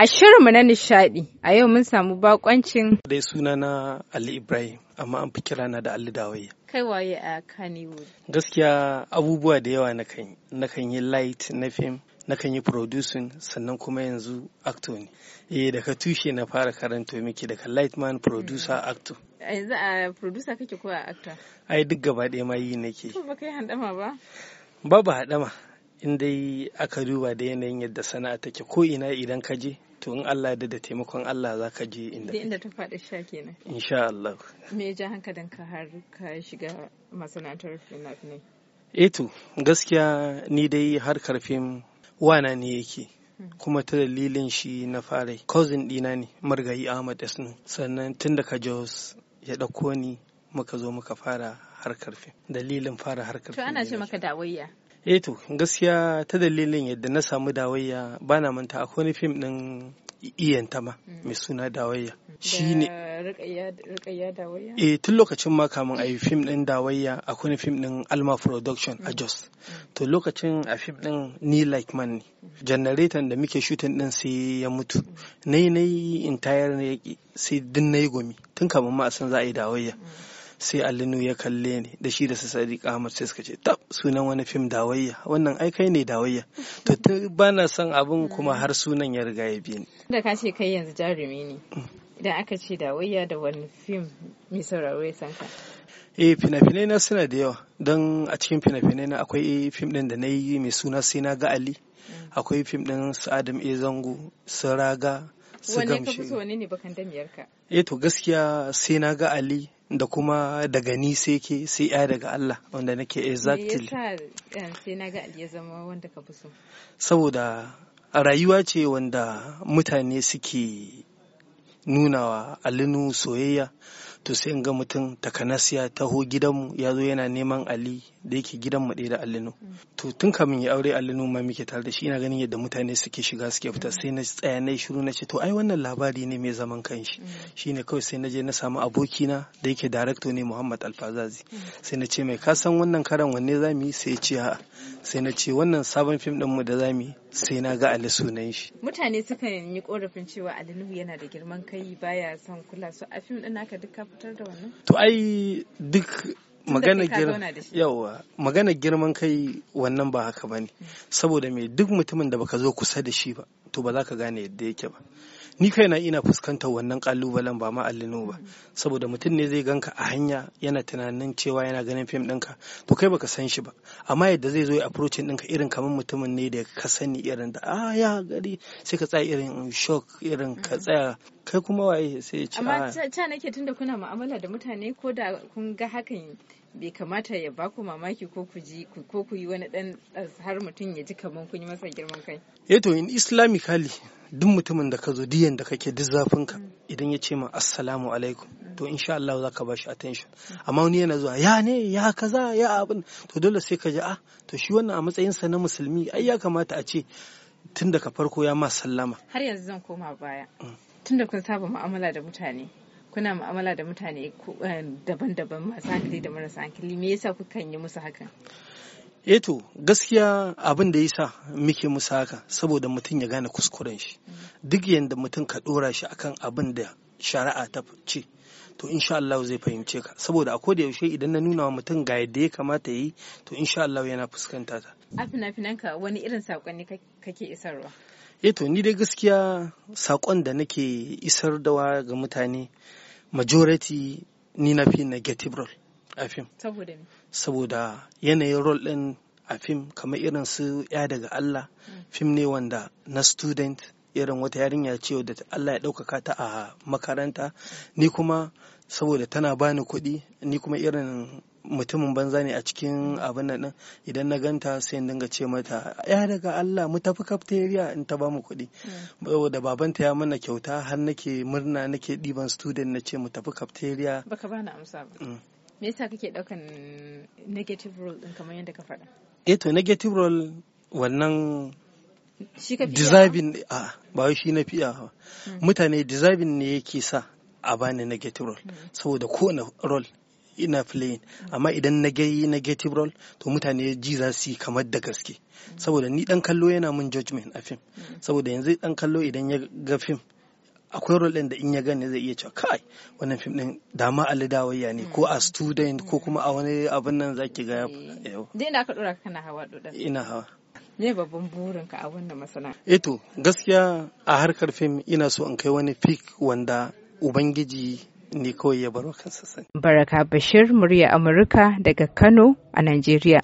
A shirinmu na nishadi a yau mun samu bakoncin. Dai suna na Ali Ibrahim amma an fi kira na da Ali Dawai. Kai waye a Kannywood. Gaskiya abubuwa da yawa na kan yi light na fim na kan yi producing sannan kuma yanzu actor ne. Eh daga tushe na fara karanto miki daga light man producer mm. actor. Yanzu a producer kake ko a actor? Ai duk gaba ɗaya ma yi nake. Ba kai handama ba? Babu haɗama. in dai aka duba da yanayin yadda sana'a take ko ina idan ka je to in Allah da da taimakon Allah za ka je inda inda ta faɗi sha kenan insha Allah me ya hankalin ka har ka shiga masana'antar fina ne eh to gaskiya ni dai har karfin wana ne yake hmm. kuma ta dalilin shi na fara cousin dina ne margayi Ahmad Esnu sannan tun da ka Jos ya dauko ni muka zo muka fara harkar fim dalilin fara harkar fim to ana ce maka dawayya Eto eh gaskiya ta dalilin yadda na samu dawayya ba na manta akwai wani fim din iyan ma mm. mai suna dawayya shine rikayya dawayya eh tun lokacin ma kamun a yi fim din dawayya akwai fim din alma production a mm. jos mm. to lokacin a fim din ni like man ne janareton da muke shooting din sai ya mutu nayi nayi entire ne sai din yi gomi tun kamun ma a san za a yi dawayya sai alinu ya kalle ni da shi da su sadi ahmad sai suka ce tab sunan wani fim dawayya wannan ai kai ne dawayya to ta bana son abin kuma har sunan ya riga ya bi ni da ka ce kai yanzu jarumi ne mm. idan aka ce dawayya da wani fim mai sauraro ya san ka eh fina-finai na suna da yawa don a cikin fina-finai na akwai fim din da na yi mai suna sai na ga ali mm. akwai fim din su adam e zango su raga wanne ka fi ne eh to gaskiya sai na ga ali da kuma daga ni sai ke sai ya daga Allah wanda nake exactly me yasa eh, sai na ga ali ya zama wanda ka fi so saboda rayuwa ce wanda mutane suke nunawa alinu soyayya to sai in ga mutum takanasiya ya taho gidanmu ya zo yana neman ali da yake gidanmu ɗaya da allinu to tun kamin ya aure allinu ma muke tare da shi ina ganin yadda mutane suke shiga suke fita sai na tsaya na shiru na ce to ai wannan labari ne mai zaman kanshi ne kawai sai na je na samu abokina da yake darakto ne muhammad alfazazi sai na ce mai ka san wannan karan wanne za mu yi sai ya ce a'a sai na ce wannan sabon fim ɗinmu da za mu yi sai na ga ali sunan shi mutane sukan yi korafin cewa ali nuhu yana da girman kai baya son kula su a fim ɗin naka duka to ai duk magana yawa magana girman kai wannan ba haka ba ne saboda me duk mutumin da baka zo kusa da shi ba to ba za ka gane yadda yake ba ni kai kaina ina fuskantar wannan kalubalen ba ma allinu ba saboda mutum ne zai ganka a hanya yana tunanin cewa yana ganin fim ɗinka to kai baka san shi ba amma yadda zai zo ya approaching ɗinka irin kamar mutumin ne da ka sani irin da ah ya gari sai ka tsaya irin shock irin ka mm. tsaya kai kuma waye sai ya ce amma ah. ta nake tunda kuna mu'amala da mutane ko da kun ga hakan bai kamata ya ba ku mamaki ko ku ji ko ku yi wani dan har mutum ya ji kamar kun yi masa girman kai eh to in islamically duk mutumin da ka zo diyan da kake duk zafin ka mm. idan ya ce ma assalamu alaikum mm. to insha Allah za ka bashi attention mm. amma wani yana zuwa ya ne ya kaza ya abin to dole sai ka ji ah to shi wannan a sa na musulmi ai ya kamata a ce tun daga farko ya ma sallama har yanzu zan koma baya tun da kun saba mu'amala da mutane kuna mu'amala da mutane eh, daban-daban masu hankali da marasa hankali me yasa kuka yi musu hakan eto eh gaskiya abin da ya sa muke musa haka saboda mutum ya gane kuskuren shi duk yadda mutum ka ɗora shi akan abin da shari'a ta ce to insha Allah zai fahimce ka saboda a koda yaushe idan na nuna wa mutum ga yadda ya kamata yi to insha Allah yana fuskanta ta a fina-finanka wani irin ne kake isarwa eto eh ni dai gaskiya saƙon da nake isar dawa ga mutane majority ni na fi negative role a fim saboda yanayin rol ɗin a fim kamar irin su ya daga Allah mm. fim ne wanda na student irin wata yarinya ce da Allah ya ɗaukaka ta a makaranta ni kuma saboda tana bani kuɗi ni kuma irin mutumin banza ne a cikin abin nan din idan na ganta sai in dinga ce mata ya daga Allah mu tafi cafeteria in ta bamu kuɗi mm. saboda babanta ya mana kyauta har nake murna nake ɗiban student na ce mu tafi cafeteria baka bani amsa ba mm. me yasa kake daukan negative role din kamar yadda ka faɗa eh to negative role wannan shi ka deserving a ah, ba shi na fiya hmm. mutane deserving ne yake sa a bani negative role hmm. saboda ko na role ina playing hmm. amma idan na gai negative role to mutane ji za su kamar da gaske saboda ni dan kallo yana mun judgment a fim. saboda yanzu dan kallo idan ya ga film akwai role ɗin da in ya gani zai iya cewa kai wannan fim ɗin dama Ali Dawayya ne ko a hmm. student ko kuma a wani abin nan zaki ga yau. Da ina ka dora kana hawa dodan. Ina hawa. Me babban burinka a wannan masana? Eto eh gaskiya a harkar fim ina so in kai wani fik wanda Ubangiji ne kawai ya baro kansa sani. Baraka Bashir murya Amurka daga Kano a Najeriya.